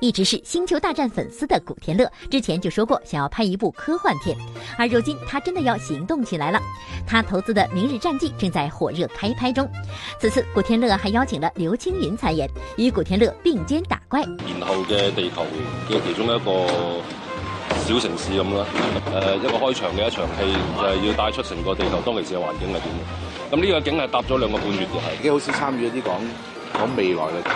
一直是《星球大戰》粉絲的古天樂之前就說過想要拍一部科幻片，而如今他真的要行動起來了。他投資的《明日戰記》正在火熱開拍中。此次古天樂還邀請了劉青雲參演，與古天樂並肩打怪。然後嘅地球嘅其中一個小城市咁啦，誒、呃，一個開場嘅一場戲就係要帶出成個地球當地嘅環境係點。咁呢個景係搭咗兩個半月嘅，因為好少參與了一啲講講未來嘅。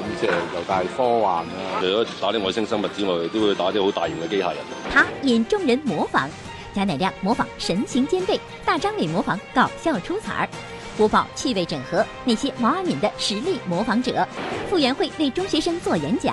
咁即係又大科幻啦，啊！除咗打啲外星生物之外，都會打啲好大型嘅機械人。他引眾人模仿，賈乃亮模仿神情兼備，大張偉模仿搞笑出彩兒，播報趣味整合那些毛阿敏的實力模仿者，傅園慧為中學生做演講。